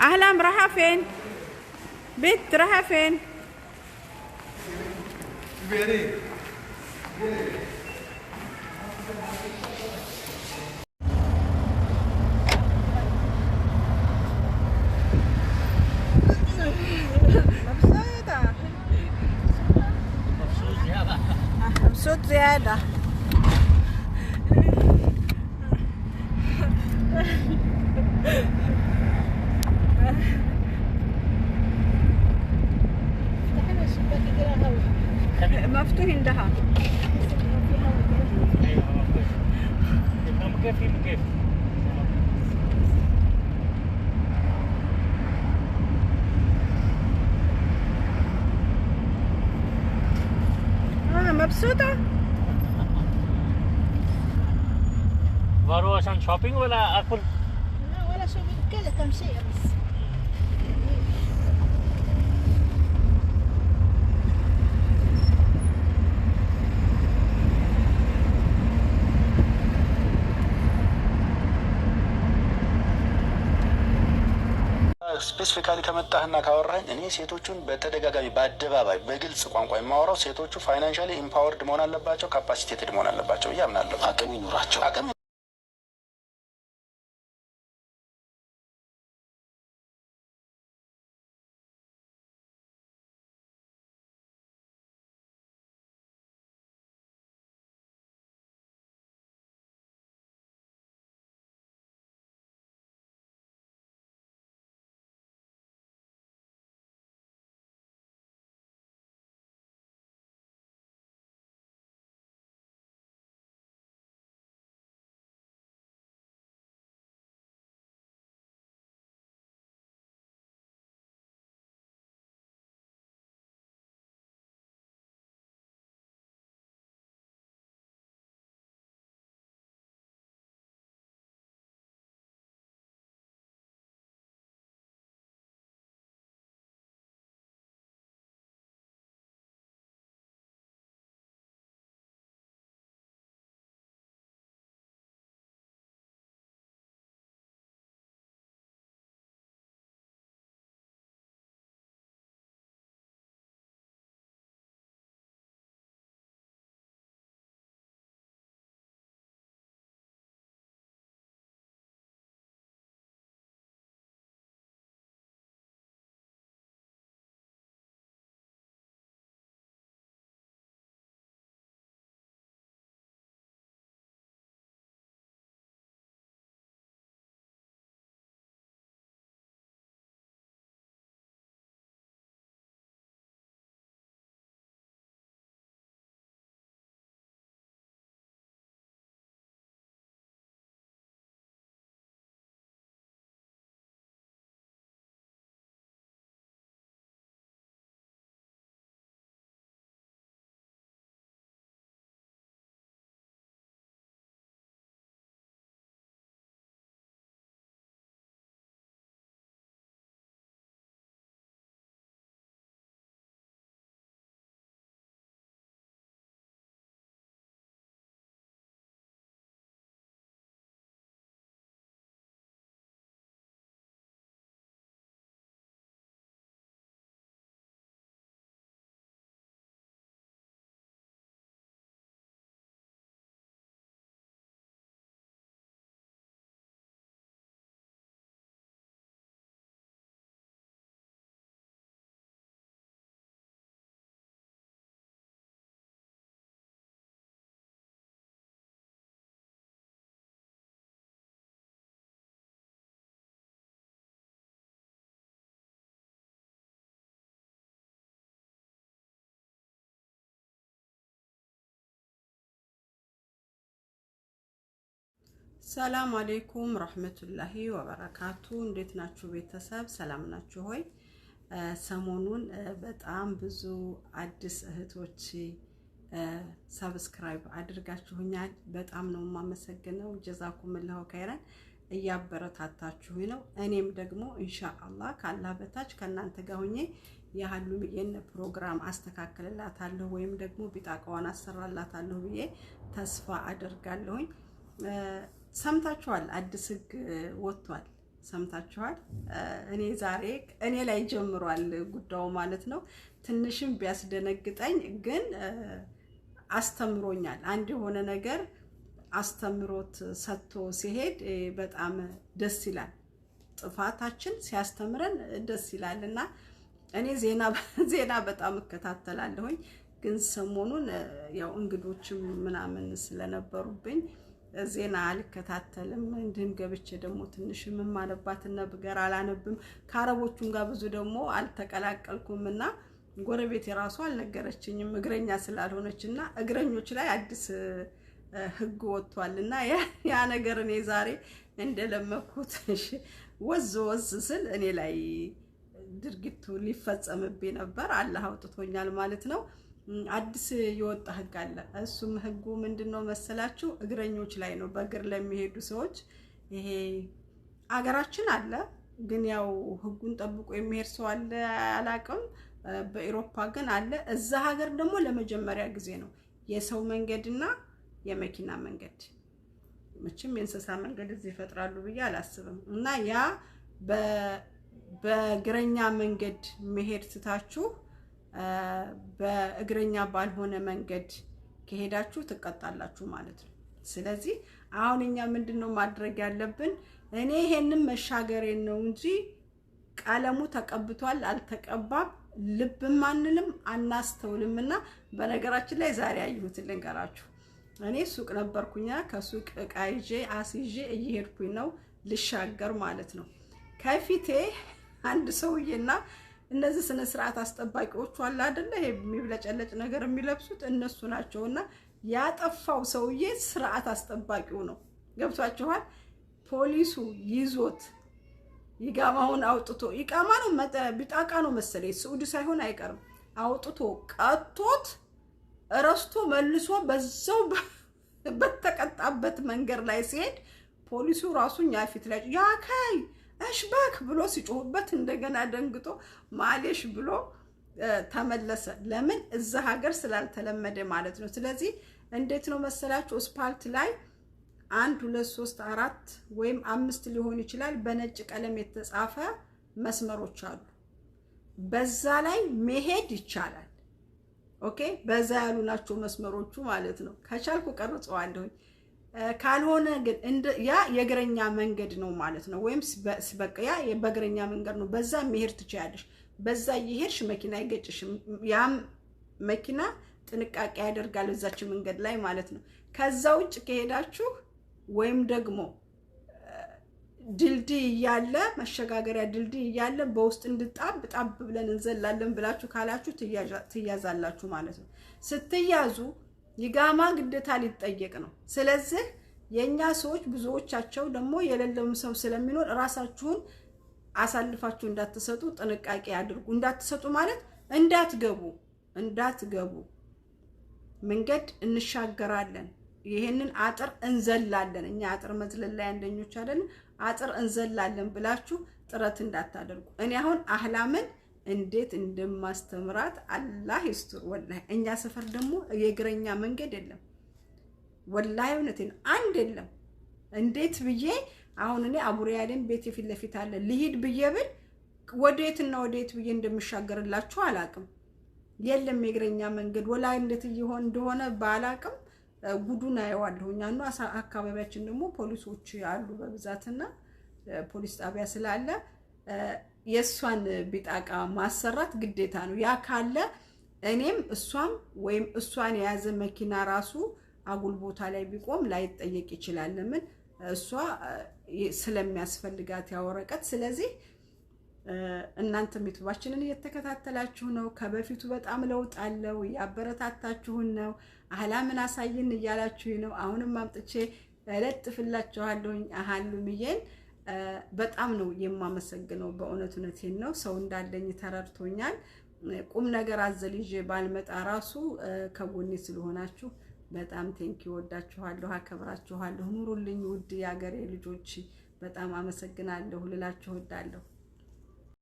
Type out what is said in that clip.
أحلام راحة فين بيت راحة فين مبسوط زيادة مبسوط زيادة مفتوحين لها انا مبسوطه آه، بارو عشان شوبينج ولا اكل لا ولا شوبينج كذا كم شيء بس ስፔሲፊካሊ ከመጣህና ካወራኝ እኔ ሴቶቹን በተደጋጋሚ በአደባባይ በግልጽ ቋንቋ የማወራው ሴቶቹ ፋይናንሻሊ ኢምፓወርድ መሆን አለባቸው፣ ካፓሲቴትድ መሆን አለባቸው እያምናለሁ። አቅም ይኑራቸው። ሰላም አሌይኩም ረህመቱላሂ ወበረካቱ። እንዴት ናችሁ ቤተሰብ? ሰላም ናችሁ ሆይ? ሰሞኑን በጣም ብዙ አዲስ እህቶች ሰብስክራይብ አድርጋችሁኛል። በጣም ነው የማመሰግነው። ጀዛኩም ላሁ ከይረን እያበረታታችሁ ነው። እኔም ደግሞ ኢንሻአላህ ካላህ በታች ከእናንተ ጋር ሁኜ የሀሉሚዬን ፕሮግራም አስተካክልላታለሁ ወይም ደግሞ ቢጣቃዋን አሰራላታለሁ ብዬ ተስፋ አደርጋለሁኝ። ሰምታችኋል፣ አዲስ ህግ ወጥቷል። ሰምታችኋል። እኔ ዛሬ እኔ ላይ ጀምሯል ጉዳዩ ማለት ነው። ትንሽም ቢያስደነግጠኝ ግን አስተምሮኛል። አንድ የሆነ ነገር አስተምሮት ሰጥቶ ሲሄድ በጣም ደስ ይላል። ጥፋታችን ሲያስተምረን ደስ ይላል እና እኔ ዜና በጣም እከታተላለሁኝ። ግን ሰሞኑን ያው እንግዶችም ምናምን ስለነበሩብኝ ዜና አልከታተልም። እንዲህም ገብቼ ደግሞ ትንሽ የምማነባትን ነገር አላነብም። ከአረቦቹም ጋር ብዙ ደግሞ አልተቀላቀልኩም እና ጎረቤት የራሱ አልነገረችኝም እግረኛ ስላልሆነች እና እግረኞች ላይ አዲስ ህግ ወጥቷል እና ያ ነገር እኔ ዛሬ እንደለመኩት ወዝ ወዝ ስል እኔ ላይ ድርጊቱ ሊፈጸምብኝ ነበር። አላህ አውጥቶኛል ማለት ነው። አዲስ የወጣ ህግ አለ። እሱም ህጉ ምንድን ነው መሰላችሁ? እግረኞች ላይ ነው። በእግር ለሚሄዱ ሰዎች ይሄ አገራችን አለ፣ ግን ያው ህጉን ጠብቆ የሚሄድ ሰው አለ አላቅም። በኤሮፓ ግን አለ። እዛ ሀገር ደግሞ ለመጀመሪያ ጊዜ ነው የሰው መንገድና የመኪና መንገድ። መቼም የእንስሳ መንገድ እዚህ ይፈጥራሉ ብዬ አላስብም። እና ያ በእግረኛ መንገድ መሄድ ስታችሁ በእግረኛ ባልሆነ መንገድ ከሄዳችሁ ትቀጣላችሁ ማለት ነው። ስለዚህ አሁን እኛ ምንድን ነው ማድረግ ያለብን? እኔ ይሄንም መሻገሬን ነው እንጂ ቀለሙ ተቀብቷል አልተቀባም ልብም አንልም አናስተውልም። እና በነገራችን ላይ ዛሬ አየሁት ልንገራችሁ። እኔ ሱቅ ነበርኩኛ ከሱቅ እቃ ይዤ አስይዤ እየሄድኩኝ ነው ልሻገር ማለት ነው። ከፊቴ አንድ ሰውዬና እነዚህ ስነ ስርዓት አስጠባቂዎቹ አለ አይደለ ይሄ የሚብለጨለጭ ነገር የሚለብሱት እነሱ ናቸውና ያጠፋው ሰውዬ ስርዓት አስጠባቂው ነው። ገብቷችኋል? ፖሊሱ ይዞት ይጋማውን አውጥቶ ይቃማ ነው ቢጣቃ ነው መሰለ ስዑድ ሳይሆን አይቀርም አውጥቶ ቀቶት ረስቶ መልሶ በዛው በተቀጣበት መንገድ ላይ ሲሄድ ፖሊሱ ራሱ ያ ፊት ላይ ያ አሽባክ ብሎ ሲጮሁበት እንደገና ደንግጦ ማሌሽ ብሎ ተመለሰ። ለምን እዛ ሀገር ስላልተለመደ ማለት ነው። ስለዚህ እንዴት ነው መሰላችሁ ስፓልት ላይ አንድ ሁለት ሶስት አራት ወይም አምስት ሊሆን ይችላል በነጭ ቀለም የተጻፈ መስመሮች አሉ። በዛ ላይ መሄድ ይቻላል። ኦኬ፣ በዛ ያሉ ናቸው መስመሮቹ ማለት ነው። ከቻልኩ ቀርጸዋለሁኝ። ካልሆነ ግን ያ የእግረኛ መንገድ ነው ማለት ነው። ወይም በቃ ያ በእግረኛ መንገድ ነው። በዛ መሄድ ትችያለሽ። በዛ እየሄድሽ መኪና አይገጭሽም። ያም መኪና ጥንቃቄ ያደርጋል እዛች መንገድ ላይ ማለት ነው። ከዛ ውጭ ከሄዳችሁ ወይም ደግሞ ድልድይ እያለ መሸጋገሪያ ድልድይ እያለ በውስጥ እንድጣብ ጣብ ብለን እንዘላለን ብላችሁ ካላችሁ ትያዛላችሁ ማለት ነው። ስትያዙ ኢቃማ ግዴታ ሊጠየቅ ነው። ስለዚህ የእኛ ሰዎች ብዙዎቻቸው ደግሞ የሌለውም ሰው ስለሚኖር ራሳችሁን አሳልፋችሁ እንዳትሰጡ ጥንቃቄ አድርጉ። እንዳትሰጡ ማለት እንዳትገቡ እንዳትገቡ መንገድ እንሻገራለን፣ ይሄንን አጥር እንዘላለን። እኛ አጥር መዝለል ላይ አንደኞች አይደለን፣ አጥር እንዘላለን ብላችሁ ጥረት እንዳታደርጉ። እኔ አሁን አህላምን እንዴት እንደማስተምራት አላህ ይስጥር። ወላሂ እኛ ሰፈር ደግሞ የእግረኛ መንገድ የለም። ወላሂ እውነቴን አንድ የለም። እንዴት ብዬ አሁን እኔ አቡሪያሌን ቤት የፊት ለፊት አለ ልሂድ ብዬ ብል ወዴትና ወዴት ብዬ እንደምሻገርላችሁ አላቅም። የለም የእግረኛ መንገድ ወላ እንዴት እየሆን እንደሆነ ባላቅም ጉዱን አየዋለሁ። እኛ አካባቢያችን ደግሞ ፖሊሶች አሉ በብዛትና ፖሊስ ጣቢያ ስላለ የእሷን ቢጣቃ ማሰራት ግዴታ ነው። ያ ካለ እኔም እሷም ወይም እሷን የያዘ መኪና ራሱ አጉል ቦታ ላይ ቢቆም ላይጠየቅ ይችላል። ለምን እሷ ስለሚያስፈልጋት ያወረቀት። ስለዚህ እናንተም ዩቱባችንን እየተከታተላችሁ ነው። ከበፊቱ በጣም ለውጥ አለው። እያበረታታችሁን ነው። አህላምን አሳይን እያላችሁ ነው። አሁንም አምጥቼ እለጥፍላችኋለሁኝ አህሉምዬን በጣም ነው የማመሰግነው። በእውነት እውነቴን ነው። ሰው እንዳለኝ ተረድቶኛል። ቁም ነገር አዘል ይዤ ባልመጣ ራሱ ከጎኔ ስለሆናችሁ በጣም ቴንኪ። ወዳችኋለሁ፣ አከብራችኋለሁ። ኑሩልኝ ውድ የአገሬ ልጆች። በጣም አመሰግናለሁ ልላችሁ ወዳለሁ።